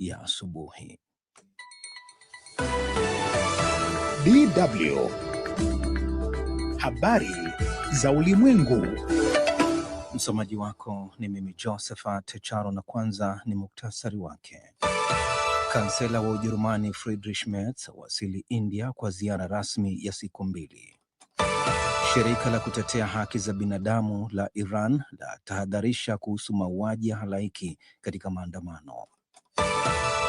ya asubuhi. DW Habari za Ulimwengu. Msomaji wako ni mimi Josephat Charo, na kwanza ni muktasari wake. Kansela wa Ujerumani Friedrich Merz wasili India kwa ziara rasmi ya siku mbili. Shirika la kutetea haki za binadamu la Iran la tahadharisha kuhusu mauaji ya halaiki katika maandamano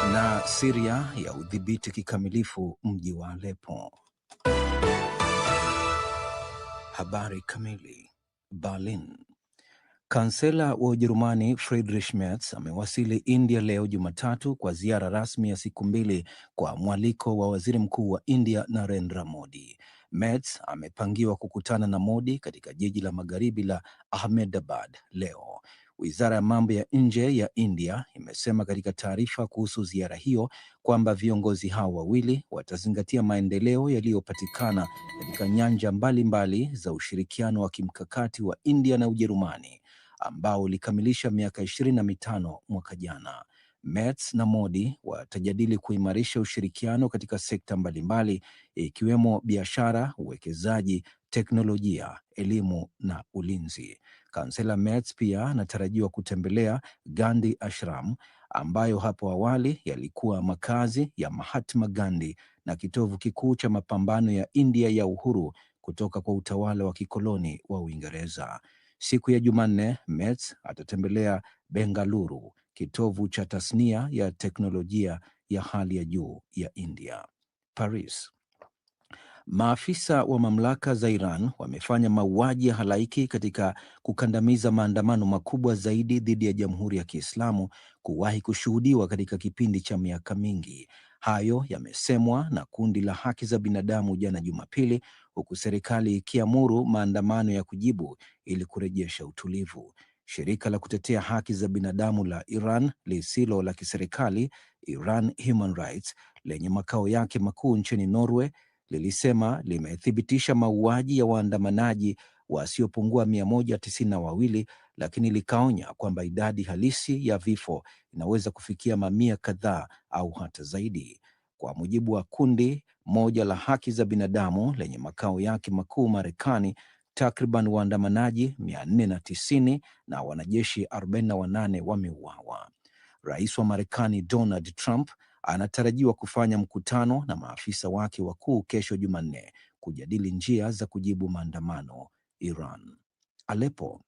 na Siria ya udhibiti kikamilifu mji wa alepo Habari kamili. Berlin. Kansela wa Ujerumani Friedrich Merz amewasili India leo Jumatatu kwa ziara rasmi ya siku mbili kwa mwaliko wa waziri mkuu wa India Narendra Modi. Merz amepangiwa kukutana na Modi katika jiji la magharibi la Ahmedabad leo. Wizara ya mambo ya nje ya India imesema katika taarifa kuhusu ziara hiyo kwamba viongozi hao wawili watazingatia maendeleo yaliyopatikana katika nyanja mbalimbali mbali za ushirikiano wa kimkakati wa India na Ujerumani ambao ulikamilisha miaka ishirini na mitano mwaka jana. mets na Modi watajadili kuimarisha ushirikiano katika sekta mbalimbali ikiwemo biashara, uwekezaji, teknolojia, elimu na ulinzi. Kansela Merz pia anatarajiwa kutembelea Gandhi Ashram ambayo hapo awali yalikuwa makazi ya Mahatma Gandhi na kitovu kikuu cha mapambano ya India ya uhuru kutoka kwa utawala wa kikoloni wa Uingereza. Siku ya Jumanne, Merz atatembelea Bengaluru, kitovu cha tasnia ya teknolojia ya hali ya juu ya India. Paris Maafisa wa mamlaka za Iran wamefanya mauaji ya halaiki katika kukandamiza maandamano makubwa zaidi dhidi ya Jamhuri ya Kiislamu kuwahi kushuhudiwa katika kipindi cha miaka mingi. Hayo yamesemwa na kundi la haki za binadamu jana Jumapili, huku serikali ikiamuru maandamano ya kujibu ili kurejesha utulivu. Shirika la kutetea haki za binadamu la Iran lisilo la kiserikali, Iran Human Rights, lenye makao yake makuu nchini Norway lilisema limethibitisha mauaji ya waandamanaji wasiopungua 192 lakini likaonya kwamba idadi halisi ya vifo inaweza kufikia mamia kadhaa au hata zaidi. Kwa mujibu wa kundi moja la haki za binadamu lenye makao yake makuu Marekani, takriban waandamanaji 490 na wanajeshi 48 wameuawa. Rais wa Marekani Donald Trump anatarajiwa kufanya mkutano na maafisa wake wakuu kesho Jumanne kujadili njia za kujibu maandamano Iran. Aleppo.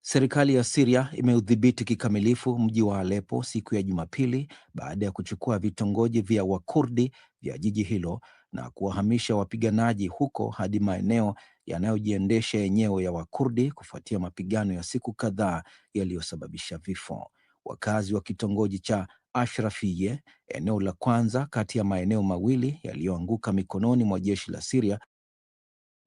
Serikali ya Siria imeudhibiti kikamilifu mji wa Aleppo siku ya Jumapili baada ya kuchukua vitongoji vya Wakurdi vya jiji hilo na kuwahamisha wapiganaji huko hadi maeneo yanayojiendesha yenyewe ya Wakurdi kufuatia mapigano ya siku kadhaa yaliyosababisha vifo. Wakazi wa kitongoji cha Ashrafiye, eneo la kwanza kati ya maeneo mawili yaliyoanguka mikononi mwa jeshi la siria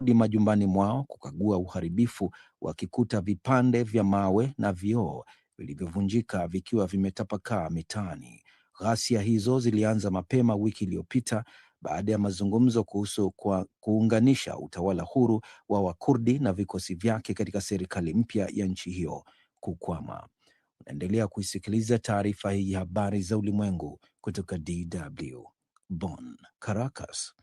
di majumbani mwao kukagua uharibifu, wakikuta vipande vya mawe na vioo vilivyovunjika vikiwa vimetapakaa mitaani. Ghasia hizo zilianza mapema wiki iliyopita baada ya mazungumzo kuhusu kwa kuunganisha utawala huru wa Wakurdi na vikosi vyake katika serikali mpya ya nchi hiyo kukwama. Unaendelea kuisikiliza taarifa hii ya habari za ulimwengu kutoka DW Bonn, Caracas.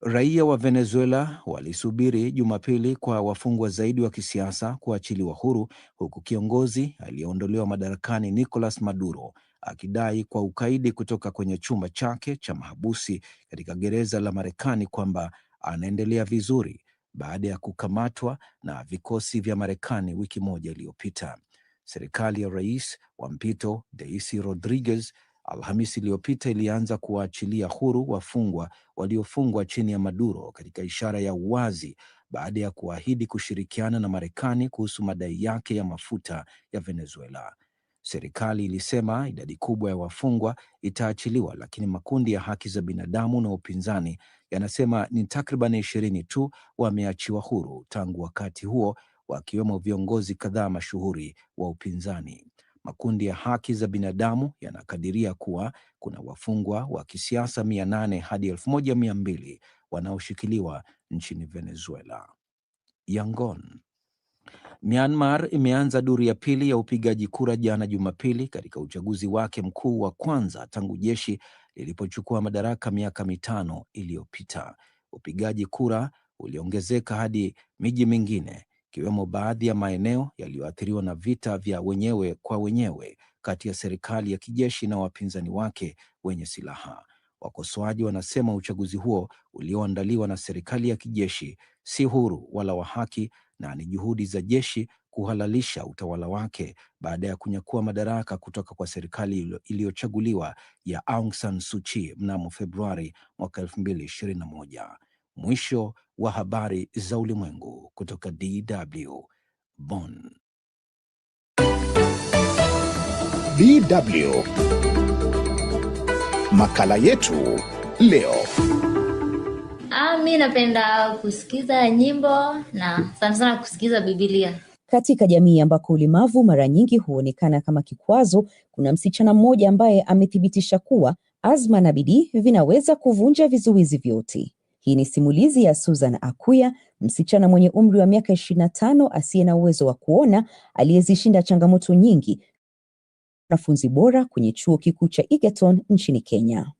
Raia wa Venezuela walisubiri Jumapili kwa wafungwa zaidi wa kisiasa kuachiliwa huru, huku kiongozi aliyeondolewa madarakani Nicolas Maduro akidai kwa ukaidi kutoka kwenye chumba chake cha mahabusi katika gereza la Marekani kwamba anaendelea vizuri baada ya kukamatwa na vikosi vya Marekani wiki moja iliyopita. Serikali ya rais wa mpito Deusi Rodriguez Alhamisi iliyopita ilianza kuwaachilia huru wafungwa waliofungwa chini ya Maduro katika ishara ya uwazi baada ya kuahidi kushirikiana na Marekani kuhusu madai yake ya mafuta ya Venezuela. Serikali ilisema idadi kubwa ya wafungwa itaachiliwa, lakini makundi ya haki za binadamu na upinzani yanasema ni takriban ishirini tu wameachiwa huru tangu wakati huo wakiwemo viongozi kadhaa mashuhuri wa upinzani. Makundi ya haki za binadamu yanakadiria kuwa kuna wafungwa wa kisiasa mia nane hadi elfu moja mia mbili wanaoshikiliwa nchini Venezuela. Yangon. Myanmar imeanza duru ya pili ya upigaji kura jana Jumapili katika uchaguzi wake mkuu wa kwanza tangu jeshi lilipochukua madaraka miaka mitano iliyopita. Upigaji kura uliongezeka hadi miji mingine ikiwemo baadhi ya maeneo yaliyoathiriwa na vita vya wenyewe kwa wenyewe kati ya serikali ya kijeshi na wapinzani wake wenye silaha. Wakosoaji wanasema uchaguzi huo ulioandaliwa na serikali ya kijeshi si huru wala wa haki na ni juhudi za jeshi kuhalalisha utawala wake baada ya kunyakua madaraka kutoka kwa serikali iliyochaguliwa ya Aung San Suu Kyi mnamo Februari mwaka 221 Mwisho wa habari za ulimwengu kutoka DW Bonn. DW makala yetu leo. Ah, mi napenda kusikiza nyimbo na sana sana kusikiza bibilia Katika jamii ambako ulemavu mara nyingi huonekana kama kikwazo, kuna msichana mmoja ambaye amethibitisha kuwa azma na bidii vinaweza kuvunja vizuizi vyote. Hii ni simulizi ya Susan Akuya, msichana mwenye umri wa miaka 25 na tano asiye na uwezo wa kuona aliyezishinda changamoto nyingi, mwanafunzi bora kwenye chuo kikuu cha Egerton nchini Kenya.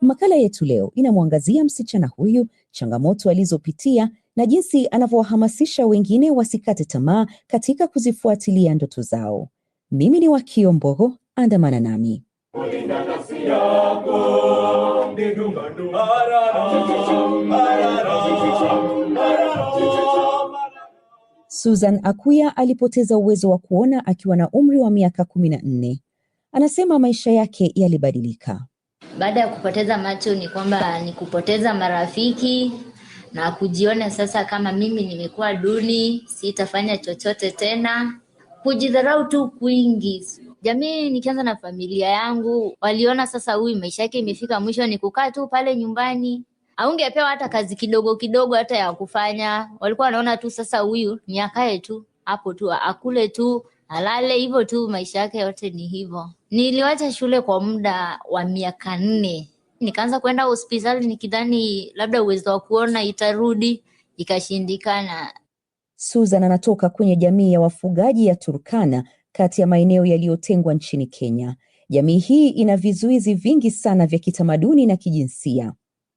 Makala yetu leo inamwangazia msichana huyu, changamoto alizopitia na jinsi anavyowahamasisha wengine wasikate tamaa katika kuzifuatilia ndoto zao. Mimi ni Wakio Mbogo, andamana nami. Susan Akuya alipoteza uwezo wa kuona akiwa na umri wa miaka kumi na nne. Anasema maisha yake yalibadilika baada ya kupoteza macho. Ni kwamba ni kupoteza marafiki na kujiona sasa kama mimi nimekuwa duni, sitafanya chochote tena kujidharau tu kwingi. Jamii, nikianza na familia yangu, waliona sasa huyu maisha yake imefika mwisho, ni kukaa tu pale nyumbani. Aungepewa hata kazi kidogo kidogo hata ya kufanya. Walikuwa wanaona tu sasa huyu ni akae tu hapo tu akule tu alale hivyo tu, maisha yake yote ni hivyo. Niliwacha shule kwa muda wa miaka nne, nikaanza kwenda hospitali nikidhani labda uwezo wa kuona itarudi, ikashindikana. Susan anatoka kwenye jamii ya wafugaji ya Turkana kati ya maeneo yaliyotengwa nchini Kenya. Jamii hii ina vizuizi vingi sana vya kitamaduni na kijinsia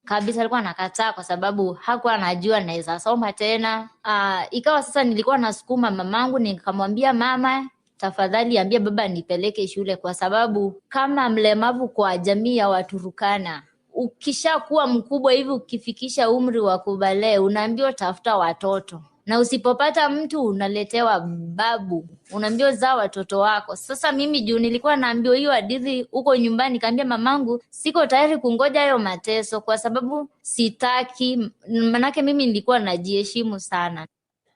kabisa. Alikuwa anakataa kwa sababu hakuwa anajua naweza soma tena. Uh, ikawa sasa nilikuwa nasukuma mamangu, nikamwambia mama tafadhali ambia baba nipeleke shule, kwa sababu kama mlemavu kwa jamii ya Waturukana, ukishakuwa mkubwa hivi, ukifikisha umri wa kubalee, unaambiwa tafuta watoto na usipopata mtu unaletewa babu, unaambiwa zaa watoto wako. Sasa mimi juu nilikuwa naambiwa hiyo hadithi huko nyumbani, kaambia mamangu siko tayari kungoja hayo mateso, kwa sababu sitaki, manake mimi nilikuwa najiheshimu sana.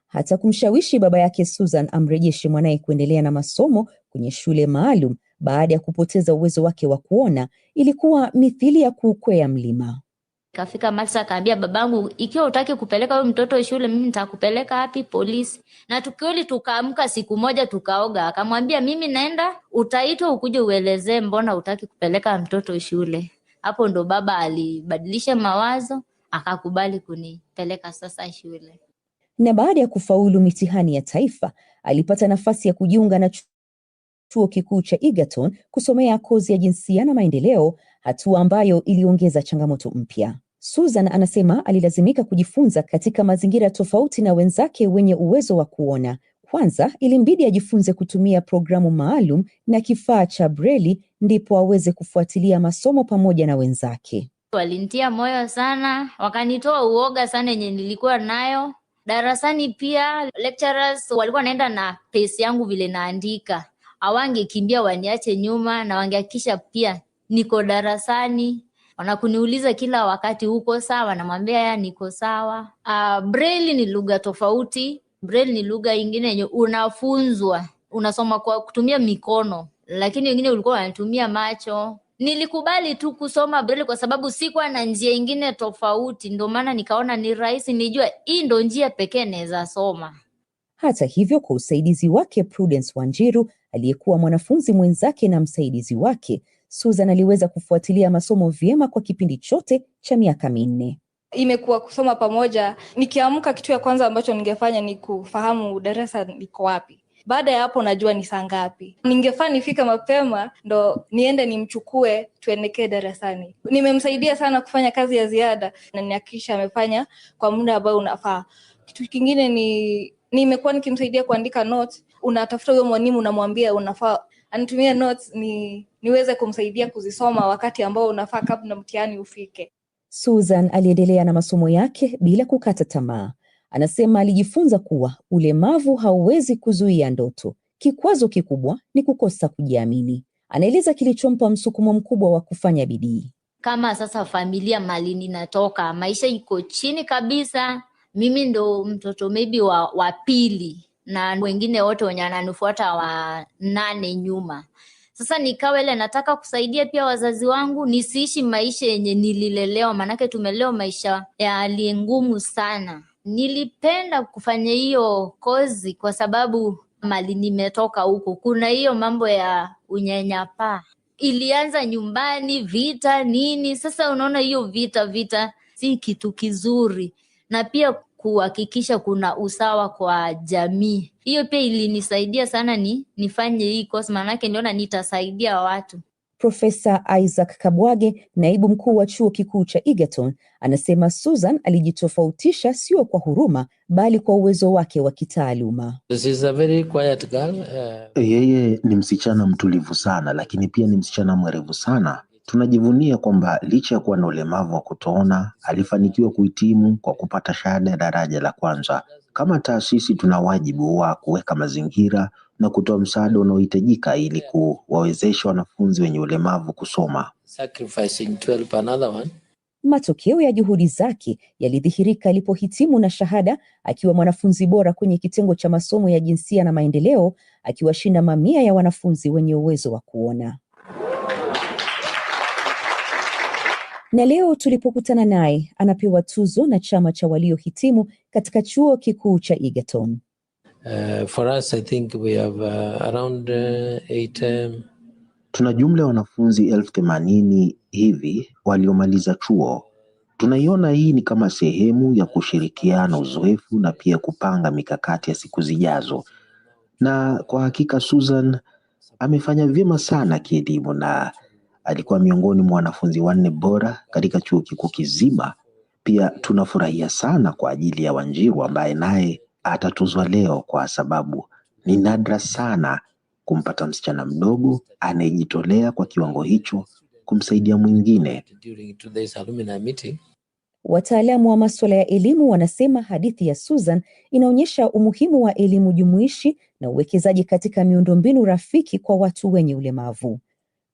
Hata kumshawishi baba yake Susan amrejeshe mwanaye kuendelea na masomo kwenye shule maalum baada ya kupoteza uwezo wake wa kuona ilikuwa mithili ya kuukwea mlima. Kafika Max akaambia babangu, ikiwa utaki kupeleka huyo mtoto shule, mimi nitakupeleka wapi? Polisi. Na tukioli tukaamka siku moja tukaoga, akamwambia mimi naenda, utaitwa ukuje uelezee mbona utaki kupeleka mtoto shule. Hapo ndo baba alibadilisha mawazo, akakubali kunipeleka sasa shule. Na baada ya kufaulu mitihani ya taifa, alipata nafasi ya kujiunga na chuo kikuu cha Egerton kusomea kozi ya jinsia na maendeleo, hatua ambayo iliongeza changamoto mpya. Susan anasema alilazimika kujifunza katika mazingira tofauti na wenzake wenye uwezo wa kuona. Kwanza ilimbidi ajifunze kutumia programu maalum na kifaa cha breli, ndipo aweze kufuatilia masomo pamoja na wenzake. Walinitia moyo sana, wakanitoa uoga sana yenye nilikuwa nayo darasani. Pia lecturers walikuwa wanaenda na pesi yangu vile naandika, awangekimbia waniache nyuma, na wangehakikisha pia niko darasani wanakuniuliza kila wakati, uko sawa? Namwambia ya niko sawa. Uh, ah, breli ni lugha tofauti. breli ni lugha ingine yenye unafunzwa, unasoma kwa kutumia mikono, lakini wengine ulikuwa wanatumia macho. Nilikubali tu kusoma breli kwa sababu sikuwa na njia ingine tofauti, ndio maana nikaona ni rahisi, nijua hii ndo njia pekee naweza soma. Hata hivyo, kwa usaidizi wake Prudence Wanjiru aliyekuwa mwanafunzi mwenzake na msaidizi wake Susan aliweza kufuatilia masomo vyema kwa kipindi chote cha miaka minne. Imekuwa kusoma pamoja. Nikiamka, kitu ya kwanza ambacho ningefanya ni kufahamu darasa liko wapi. Baada ya hapo najua ni saa ngapi. Ningefaa nifika mapema ndo niende nimchukue tuendekee darasani. Nimemsaidia sana kufanya kazi ya ziada na nihakikisha amefanya kwa muda ambao unafaa. Kitu kingine ni nimekuwa nikimsaidia kuandika notes. Unatafuta huyo mwalimu, unamwambia unafaa anitumie notes ni niweze kumsaidia kuzisoma wakati ambao unafaa kabla mtihani ufike. Susan aliendelea na masomo yake bila kukata tamaa. Anasema alijifunza kuwa ulemavu hauwezi kuzuia ndoto. Kikwazo kikubwa ni kukosa kujiamini. Anaeleza kilichompa msukumo mkubwa wa kufanya bidii. Kama sasa familia mali ninatoka, maisha iko chini kabisa. Mimi ndo mtoto maybe wa, wa pili na wengine wote wenye ananifuata wa nane nyuma. Sasa nikawa ile nataka kusaidia pia wazazi wangu nisiishi maisha yenye nililelewa, maanake tumelewa maisha yaliyo ngumu sana. Nilipenda kufanya hiyo kozi kwa sababu mali nimetoka huko, kuna hiyo mambo ya unyanyapaa ilianza nyumbani, vita nini. Sasa unaona hiyo vita, vita si kitu kizuri, na pia kuhakikisha kuna usawa kwa jamii. Hiyo pia ilinisaidia sana ni nifanye hii kozi, maanake niliona nitasaidia watu. Profesa Isaac Kabwage, naibu mkuu wa chuo kikuu cha Egerton, anasema Susan alijitofautisha sio kwa huruma, bali kwa uwezo wake wa kitaaluma. Uh, Yeye ni msichana mtulivu sana, lakini pia ni msichana mwerevu sana. Tunajivunia kwamba licha ya kuwa na ulemavu wa kutoona alifanikiwa kuhitimu kwa kupata shahada ya daraja la kwanza. Kama taasisi, tuna wajibu wa kuweka mazingira na kutoa msaada unaohitajika ili kuwawezesha wanafunzi wenye ulemavu kusoma. Matokeo ya juhudi zake yalidhihirika alipohitimu na shahada akiwa mwanafunzi bora kwenye kitengo cha masomo ya jinsia na maendeleo, akiwashinda mamia ya wanafunzi wenye uwezo wa kuona. na leo tulipokutana naye anapewa tuzo na chama cha waliohitimu katika chuo kikuu cha Egerton. Uh, for us, I think we have, uh, around, uh, eight, um... tuna jumla ya wanafunzi elfu themanini hivi waliomaliza chuo. Tunaiona hii ni kama sehemu ya kushirikiana uzoefu na pia kupanga mikakati ya siku zijazo, na kwa hakika Susan amefanya vyema sana kielimu na Alikuwa miongoni mwa wanafunzi wanne bora katika chuo kikuu kizima. Pia tunafurahia sana kwa ajili ya Wanjiru ambaye naye atatuzwa leo, kwa sababu ni nadra sana kumpata msichana mdogo anayejitolea kwa kiwango hicho kumsaidia mwingine. Wataalamu wa masuala ya elimu wanasema hadithi ya Susan inaonyesha umuhimu wa elimu jumuishi na uwekezaji katika miundombinu rafiki kwa watu wenye ulemavu.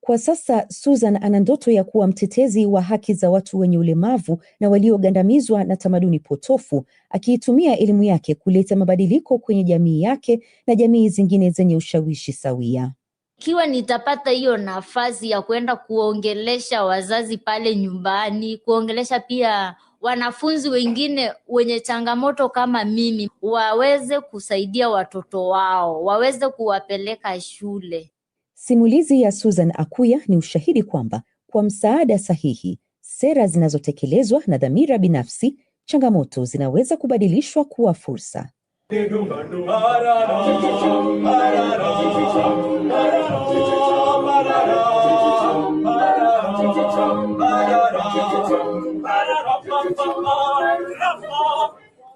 Kwa sasa Susan ana ndoto ya kuwa mtetezi wa haki za watu wenye ulemavu na waliogandamizwa na tamaduni potofu, akiitumia elimu yake kuleta mabadiliko kwenye jamii yake na jamii zingine zenye ushawishi sawia. Ikiwa nitapata hiyo nafasi ya kuenda kuongelesha wazazi pale nyumbani, kuongelesha pia wanafunzi wengine wenye changamoto kama mimi, waweze kusaidia watoto wao, waweze kuwapeleka shule. Simulizi ya Susan Akuya ni ushahidi kwamba kwa msaada sahihi, sera zinazotekelezwa na dhamira binafsi, changamoto zinaweza kubadilishwa kuwa fursa.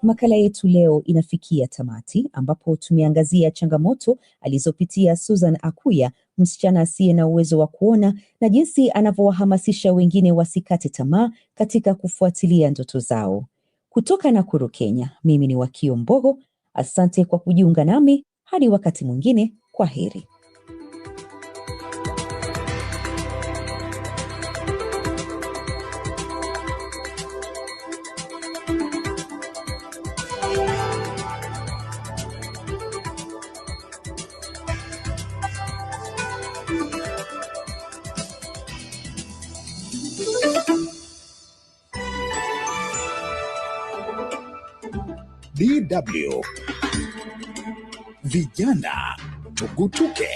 Makala yetu leo inafikia tamati ambapo tumeangazia changamoto alizopitia Susan Akuya, msichana asiye na uwezo wa kuona na jinsi anavyowahamasisha wengine wasikate tamaa katika kufuatilia ndoto zao. Kutoka Nakuru, Kenya, mimi ni Wakio Mbogo. Asante kwa kujiunga nami. Hadi wakati mwingine, kwa heri. DW. Vijana tugutuke.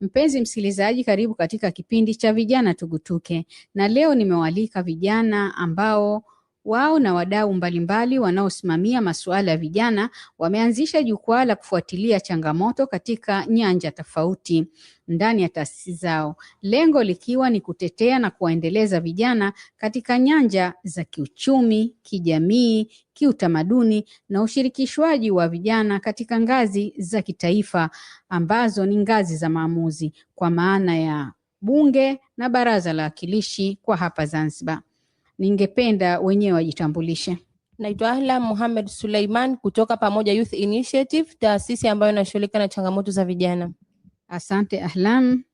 Mpenzi msikilizaji, karibu katika kipindi cha Vijana Tugutuke, na leo nimewaalika vijana ambao wao na wadau mbalimbali wanaosimamia masuala ya vijana wameanzisha jukwaa la kufuatilia changamoto katika nyanja tofauti ndani ya taasisi zao, lengo likiwa ni kutetea na kuwaendeleza vijana katika nyanja za kiuchumi, kijamii, kiutamaduni na ushirikishwaji wa vijana katika ngazi za kitaifa ambazo ni ngazi za maamuzi kwa maana ya bunge na baraza la wakilishi kwa hapa Zanzibar ningependa wenyewe wajitambulishe. Naitwa Ahla Muhamed Suleiman kutoka Pamoja Youth Initiative, taasisi ambayo inashughulika na changamoto za vijana. Asante ahlam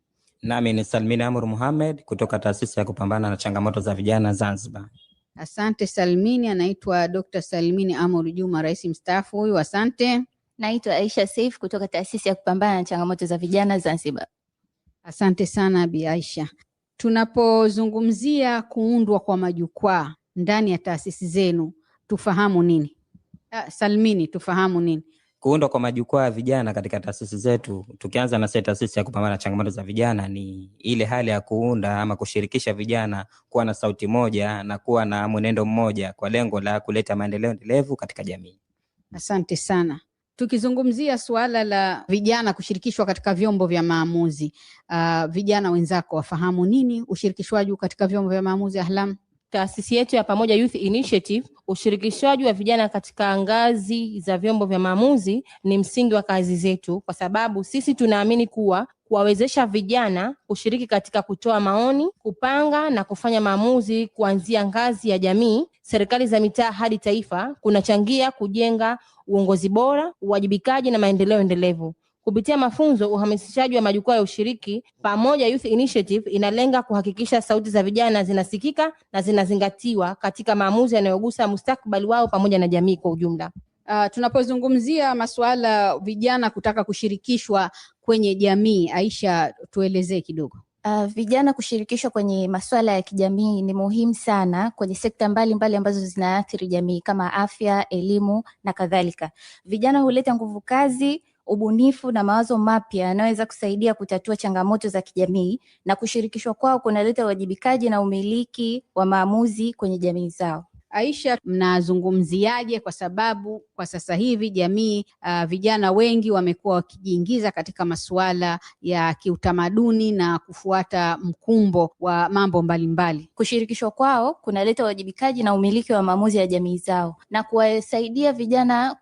Nami ni salmin Amur Muhamed kutoka taasisi ya kupambana na changamoto za vijana Zanzibar. Asante Salmini. Anaitwa Dr. Salmini Amur Juma, rais mstaafu huyu. Asante. Naitwa Aisha Saif kutoka taasisi ya kupambana na changamoto za vijana Zanzibar. Asante sana Bi Aisha tunapozungumzia kuundwa kwa majukwaa ndani ya taasisi zenu tufahamu nini? Ah, Salmini, tufahamu nini kuundwa kwa majukwaa ya vijana katika taasisi zetu? Tukianza na sasa taasisi ya kupambana na changamoto za vijana, ni ile hali ya kuunda ama kushirikisha vijana kuwa na sauti moja na kuwa na mwenendo mmoja kwa lengo la kuleta maendeleo endelevu katika jamii. Asante sana. Tukizungumzia suala la vijana kushirikishwa katika vyombo vya maamuzi, uh, vijana wenzako wafahamu nini ushirikishwaji katika vyombo vya maamuzi Ahlam? taasisi yetu ya Pamoja Youth Initiative, ushirikishwaji wa vijana katika ngazi za vyombo vya maamuzi ni msingi wa kazi zetu, kwa sababu sisi tunaamini kuwa kuwawezesha vijana kushiriki katika kutoa maoni, kupanga na kufanya maamuzi kuanzia ngazi ya jamii, serikali za mitaa hadi taifa kunachangia kujenga uongozi bora, uwajibikaji na maendeleo endelevu. Kupitia mafunzo, uhamasishaji wa majukwaa ya ushiriki pamoja Youth Initiative inalenga kuhakikisha sauti za vijana zinasikika na zinazingatiwa katika maamuzi yanayogusa mustakabali wao pamoja na jamii kwa ujumla. Uh, tunapozungumzia masuala vijana kutaka kushirikishwa kwenye jamii, Aisha, tuelezee kidogo. Uh, vijana kushirikishwa kwenye masuala ya kijamii ni muhimu sana kwenye sekta mbalimbali mbali ambazo zinaathiri jamii kama afya, elimu na kadhalika. Vijana huleta nguvu kazi ubunifu na mawazo mapya yanayoweza kusaidia kutatua changamoto za kijamii na kushirikishwa kwao kunaleta uwajibikaji na umiliki wa maamuzi kwenye jamii zao. Aisha, mnazungumziaje? Kwa sababu kwa sasa hivi jamii uh, vijana wengi wamekuwa wakijiingiza katika masuala ya kiutamaduni na kufuata mkumbo wa mambo mbalimbali. Kushirikishwa kwao kunaleta uwajibikaji na umiliki wa maamuzi ya jamii zao na kuwasaidia vijana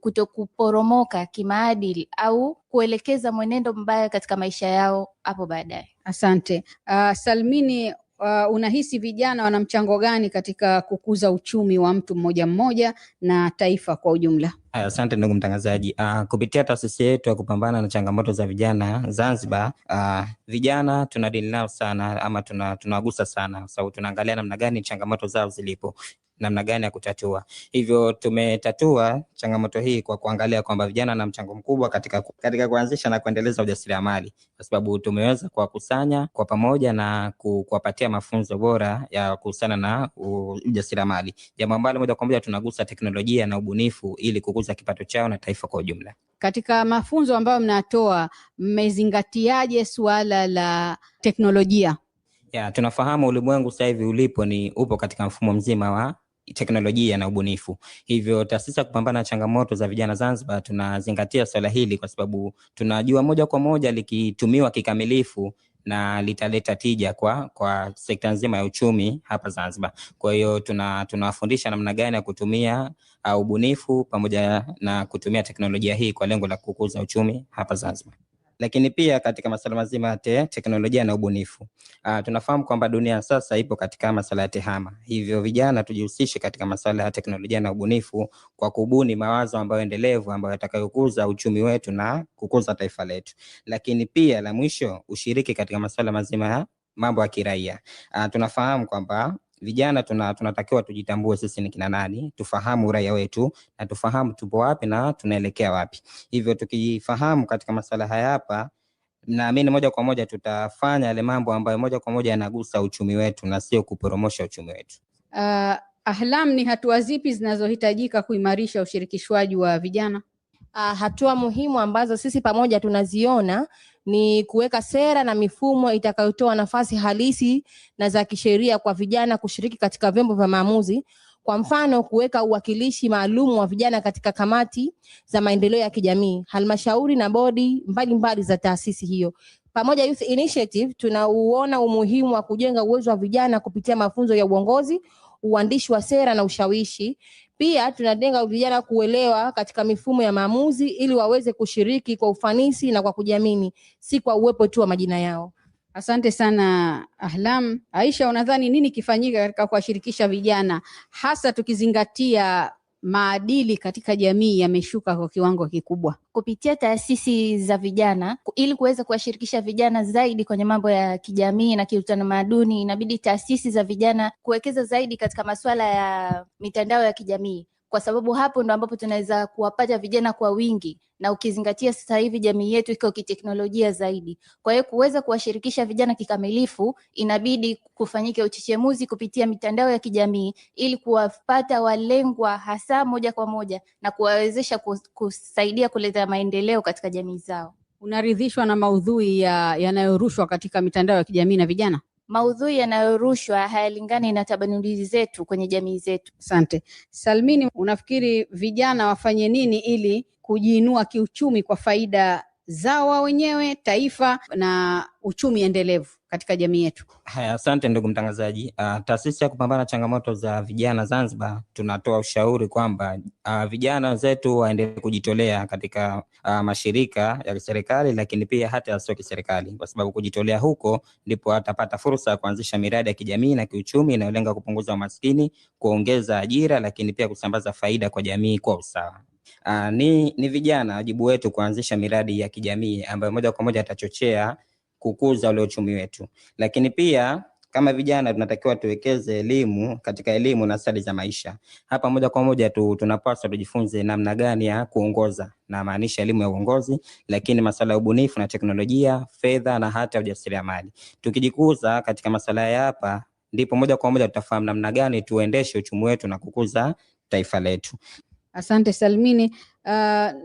kutokuporomoka kimaadili au kuelekeza mwenendo mbaya katika maisha yao hapo baadaye. Asante. Uh, Salmini uh, unahisi vijana wana mchango gani katika kukuza uchumi wa mtu mmoja mmoja na taifa kwa ujumla? Asante ndugu mtangazaji. Uh, kupitia taasisi yetu ya kupambana na changamoto za vijana Zanzibar, uh, vijana tunadili nao sana ama tunawagusa tuna sana, kwa sababu so, tunaangalia namna gani changamoto zao zilipo namna gani ya kutatua. Hivyo tumetatua changamoto hii kwa kuangalia kwamba vijana na mchango mkubwa katika, katika kuanzisha na kuendeleza ujasiriamali, kwa sababu tumeweza kuwakusanya kwa pamoja na kuwapatia mafunzo bora ya kuhusiana na ujasiriamali, jambo ambalo moja kwa moja tunagusa teknolojia na ubunifu ili kukuza kipato chao na taifa kwa ujumla. Katika mafunzo ambayo mnatoa mmezingatiaje suala la teknolojia? Ya, tunafahamu ulimwengu sasa hivi ulipo ni upo katika mfumo mzima wa teknolojia na ubunifu. Hivyo taasisi ya kupambana na changamoto za vijana Zanzibar tunazingatia swala hili kwa sababu tunajua moja kwa moja likitumiwa kikamilifu na litaleta tija kwa kwa sekta nzima ya uchumi hapa Zanzibar. Kwa hiyo tuna tunawafundisha namna gani ya kutumia uh, ubunifu pamoja na kutumia teknolojia hii kwa lengo la kukuza uchumi hapa Zanzibar lakini pia katika masuala mazima ya te, teknolojia na ubunifu. Uh, tunafahamu kwamba dunia sasa ipo katika masuala ya tehama, hivyo vijana tujihusishe katika masuala ya teknolojia na ubunifu kwa kubuni mawazo ambayo endelevu ambayo yatakayokuza uchumi wetu na kukuza taifa letu. Lakini pia la mwisho, ushiriki katika masuala mazima ya mambo ya kiraia. Uh, tunafahamu kwamba vijana tuna, tunatakiwa tujitambue sisi ni kina nani, tufahamu uraia wetu na tufahamu tupo wapi na tunaelekea wapi. Hivyo tukifahamu katika masuala haya hapa naamini moja kwa moja tutafanya yale mambo ambayo moja kwa moja yanagusa uchumi wetu na sio kuporomosha uchumi wetu. Uh, ah, Ahlam, ni hatua zipi zinazohitajika kuimarisha ushirikishwaji wa vijana? Uh, hatua muhimu ambazo sisi pamoja tunaziona ni kuweka sera na mifumo itakayotoa nafasi halisi na za kisheria kwa vijana kushiriki katika vyombo vya maamuzi. Kwa mfano, kuweka uwakilishi maalum wa vijana katika kamati za maendeleo ya kijamii, halmashauri na bodi mbalimbali za taasisi hiyo. Pamoja Youth Initiative tunauona umuhimu wa kujenga uwezo wa vijana kupitia mafunzo ya uongozi uandishi wa sera na ushawishi. Pia tunalenga vijana kuelewa katika mifumo ya maamuzi ili waweze kushiriki kwa ufanisi na kwa kujiamini, si kwa uwepo tu wa majina yao. Asante sana Ahlam. Aisha, unadhani nini kifanyika katika kuwashirikisha vijana hasa tukizingatia maadili katika jamii yameshuka kwa kiwango kikubwa. Kupitia taasisi za vijana, ili kuweza kuwashirikisha vijana zaidi kwenye mambo ya kijamii na kiutamaduni, inabidi taasisi za vijana kuwekeza zaidi katika masuala ya mitandao ya kijamii kwa sababu hapo ndo ambapo tunaweza kuwapata vijana kwa wingi, na ukizingatia sasa hivi jamii yetu iko kiteknolojia zaidi. Kwa hiyo kuweza kuwashirikisha vijana kikamilifu, inabidi kufanyike uchechemuzi kupitia mitandao ya kijamii ili kuwapata walengwa hasa moja kwa moja na kuwawezesha kusaidia kuleta maendeleo katika jamii zao. Unaridhishwa na maudhui ya yanayorushwa katika mitandao ya kijamii na vijana? maudhui yanayorushwa hayalingani na tabanulizi zetu kwenye jamii zetu. Asante. Salmini, unafikiri vijana wafanye nini ili kujiinua kiuchumi kwa faida zao wao wenyewe, taifa na uchumi endelevu katika jamii yetu. Haya, asante ndugu mtangazaji. Uh, taasisi ya kupambana changamoto za vijana Zanzibar tunatoa ushauri kwamba uh, vijana zetu waendelee kujitolea katika uh, mashirika ya kiserikali, lakini pia hata yasio kiserikali, kwa sababu kujitolea huko ndipo atapata fursa ya kuanzisha miradi ya kijamii na kiuchumi inayolenga kupunguza umaskini, kuongeza ajira, lakini pia kusambaza faida kwa jamii kwa usawa. Uh, ni, ni vijana wajibu wetu kuanzisha miradi ya kijamii ambayo moja kwa moja atachochea kukuza ule uchumi wetu, lakini pia kama vijana tunatakiwa tuwekeze elimu katika elimu na stadi za maisha. Hapa moja kwa moja tu, tunapaswa tujifunze namna gani ya kuongoza, na maanisha elimu ya uongozi, lakini masuala ya ubunifu na teknolojia, fedha na hata ujasiriamali. Tukijikuza katika masuala ya hapa, ndipo moja kwa moja tutafahamu namna gani tuendeshe uchumi wetu na kukuza taifa letu. Asante Salmini. Uh,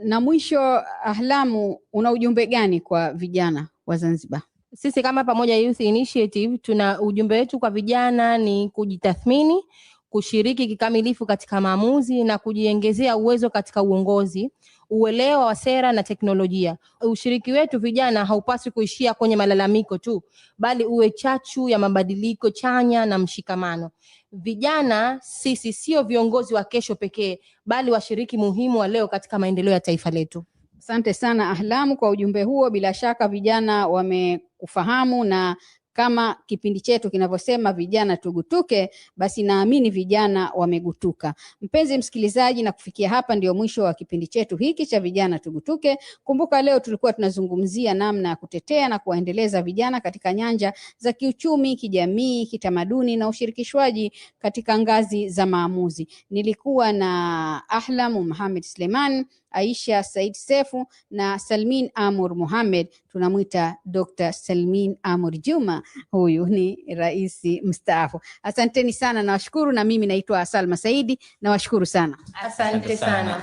na mwisho Ahlamu, una ujumbe gani kwa vijana wa Zanzibar? Sisi kama Pamoja Youth Initiative tuna ujumbe wetu kwa vijana ni kujitathmini, kushiriki kikamilifu katika maamuzi na kujiongezea uwezo katika uongozi, uelewa wa sera na teknolojia. Ushiriki wetu vijana haupaswi kuishia kwenye malalamiko tu, bali uwe chachu ya mabadiliko chanya na mshikamano vijana sisi sio viongozi wa kesho pekee, bali washiriki muhimu wa leo katika maendeleo ya taifa letu. Asante sana Ahlamu kwa ujumbe huo. Bila shaka vijana wamekufahamu na kama kipindi chetu kinavyosema vijana tugutuke, basi naamini vijana wamegutuka. Mpenzi msikilizaji, na kufikia hapa ndio mwisho wa kipindi chetu hiki cha vijana tugutuke. Kumbuka leo tulikuwa tunazungumzia namna ya kutetea na kuwaendeleza vijana katika nyanja za kiuchumi, kijamii, kitamaduni na ushirikishwaji katika ngazi za maamuzi. Nilikuwa na Ahlam Muhammad Sleman Aisha Said Sefu na Salmin Amur Mohamed. Tunamwita Dr. Salmin Amur Juma, huyu ni rais mstaafu. Asanteni sana, nawashukuru. Na mimi naitwa Salma Saidi, nawashukuru sana, asante sana.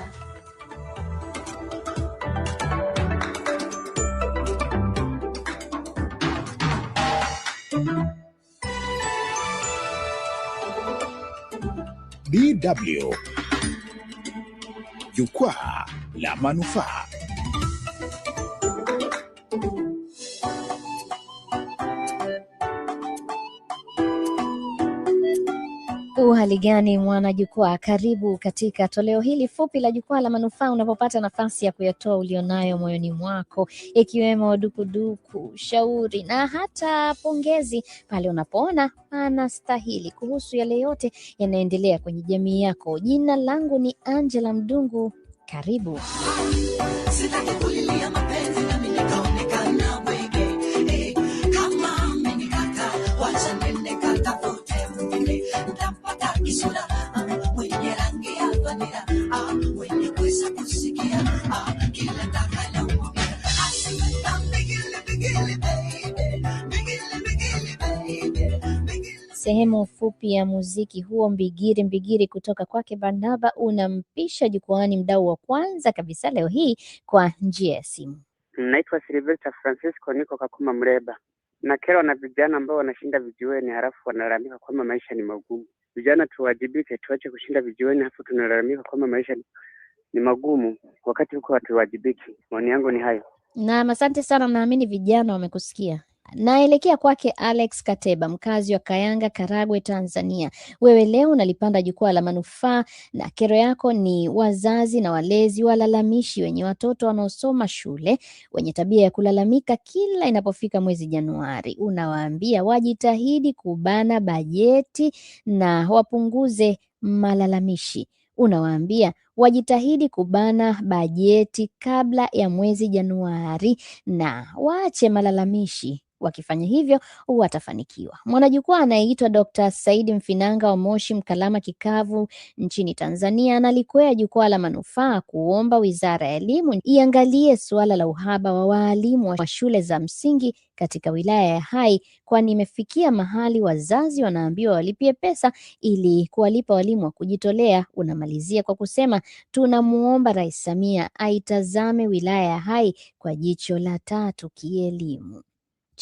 DW Jukwaa la Manufaa. Uhali gani mwana jukwaa, karibu katika toleo hili fupi la jukwaa la manufaa, unapopata nafasi ya kuyatoa ulionayo moyoni mwako, ikiwemo dukuduku, shauri na hata pongezi pale unapoona anastahili, kuhusu yale yote yanayoendelea kwenye jamii yako. Jina langu ni Angela Mdungu, karibu. Sitaki kulilia mapenzi Sehemu fupi ya muziki huo Mbigiri Mbigiri kutoka kwake Barnaba unampisha jukwaani mdau wa kwanza kabisa leo hii kwa njia ya simu. Naitwa Silvesta Francisco, niko Kakuma Mreba. Nakerwa na vijana ambao wanashinda vijiweni halafu wanalalamika kwamba maisha ni magumu. Vijana tuwajibike, tuache kushinda vijiweni halafu tunalalamika kwamba maisha ni magumu wakati huko hatuwajibiki. Maoni yangu ni hayo. Naam, asante sana. Naamini vijana wamekusikia. Naelekea kwake Alex Kateba, mkazi wa Kayanga, Karagwe, Tanzania. Wewe leo unalipanda jukwaa la manufaa na kero yako ni wazazi na walezi walalamishi wenye watoto wanaosoma shule wenye tabia ya kulalamika kila inapofika mwezi Januari. Unawaambia wajitahidi kubana bajeti na wapunguze malalamishi unawaambia wajitahidi kubana bajeti kabla ya mwezi Januari na waache malalamishi Wakifanya hivyo watafanikiwa. Mwanajukwaa anayeitwa Dr. Saidi Mfinanga wa Moshi, Mkalama kikavu nchini Tanzania, analikwea jukwaa la manufaa kuomba Wizara ya Elimu iangalie suala la uhaba wa waalimu wa shule za msingi katika wilaya ya Hai, kwani imefikia mahali wazazi wanaambiwa walipie pesa ili kuwalipa walimu wa kujitolea. Unamalizia kwa kusema tunamwomba Rais Samia aitazame wilaya ya Hai kwa jicho la tatu kielimu.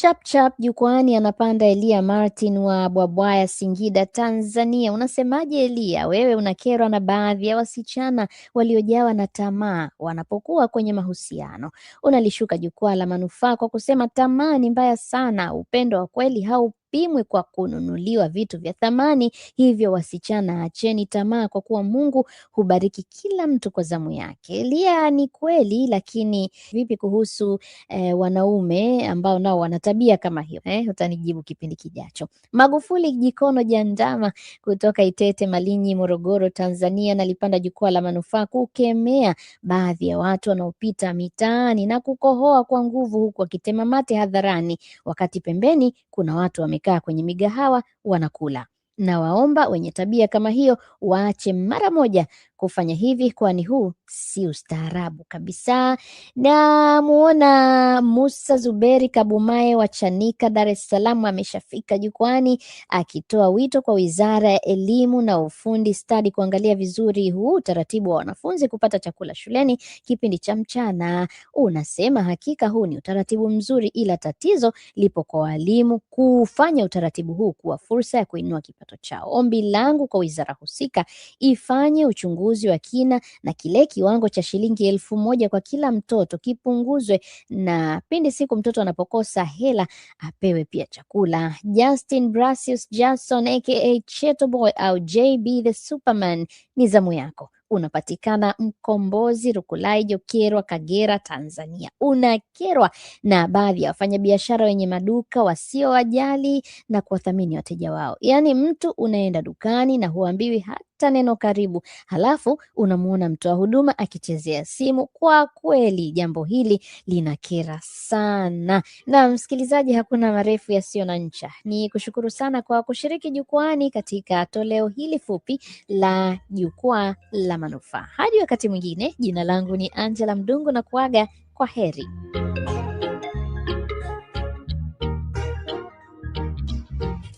Chapchap jukwani anapanda Elia Martin wa Bwabwaya, Singida, Tanzania. Unasemaje Elia? Wewe unakerwa na baadhi ya wasichana waliojawa na tamaa wanapokuwa kwenye mahusiano. Unalishuka jukwaa la manufaa kwa kusema tamaa ni mbaya sana, upendo wa kweli hau vipimwe kwa kununuliwa vitu vya thamani. Hivyo wasichana, acheni tamaa, kwa kuwa Mungu hubariki kila mtu kwa zamu yake. Lia ni kweli, lakini vipi kuhusu eh, wanaume ambao nao wana tabia kama hiyo eh? Utanijibu kipindi kijacho. Magufuli jikono jandama kutoka Itete, Malinyi, Morogoro, Tanzania, nalipanda jukwaa la manufaa kukemea baadhi ya watu wanaopita mitaani na kukohoa kwa nguvu huku akitema mate hadharani, wakati pembeni kuna watu wame wamekaa kwenye migahawa wanakula. Nawaomba wenye tabia kama hiyo waache mara moja, kufanya hivi, kwani huu si ustaarabu kabisa. Namuona Musa Zuberi Kabumaye wa Chanika, Dar es Salaam, ameshafika jukwani akitoa wito kwa Wizara ya Elimu na Ufundi Stadi kuangalia vizuri huu utaratibu wa wanafunzi kupata chakula shuleni kipindi cha mchana. Unasema hakika huu ni utaratibu mzuri, ila tatizo lipo kwa walimu kufanya utaratibu huu kuwa fursa ya kuinua kipato chao. Ombi langu kwa wizara husika ifanye uchunguzi uchunguzi wa kina na kile kiwango cha shilingi elfu moja kwa kila mtoto kipunguzwe, na pindi siku mtoto anapokosa hela apewe pia chakula. Justin Brasius Jackson aka Cheto Boy au JB the Superman, ni zamu yako. Unapatikana Mkombozi, Rukulai, Jokerwa, Kagera, Tanzania. Unakerwa na baadhi ya wafanyabiashara wenye maduka wajali na kuwathamini wateja wao. Yaani, mtu unaenda dukani na huambiwi hata hata neno karibu. Halafu unamuona mtoa huduma akichezea simu. Kwa kweli jambo hili linakera sana. Na msikilizaji, hakuna marefu yasiyo na ncha. Ni kushukuru sana kwa kushiriki jukwani katika toleo hili fupi la jukwaa la manufaa. Hadi wakati mwingine, jina langu ni Angela Mdungu na kuaga kwa heri.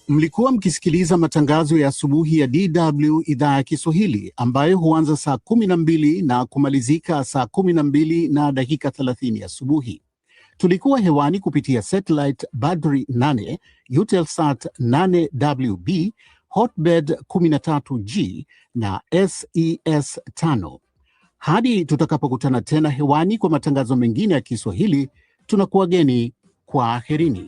Mlikuwa mkisikiliza matangazo ya asubuhi ya DW idhaa ya Kiswahili ambayo huanza saa kumi na mbili na kumalizika saa kumi na mbili na dakika thelathini asubuhi. Tulikuwa hewani kupitia satellite Badri 8, Utelsat 8WB, Hotbed 13G na SES 5. E Hadi tutakapokutana tena hewani kwa matangazo mengine ya Kiswahili, tunakuwageni kwa aherini.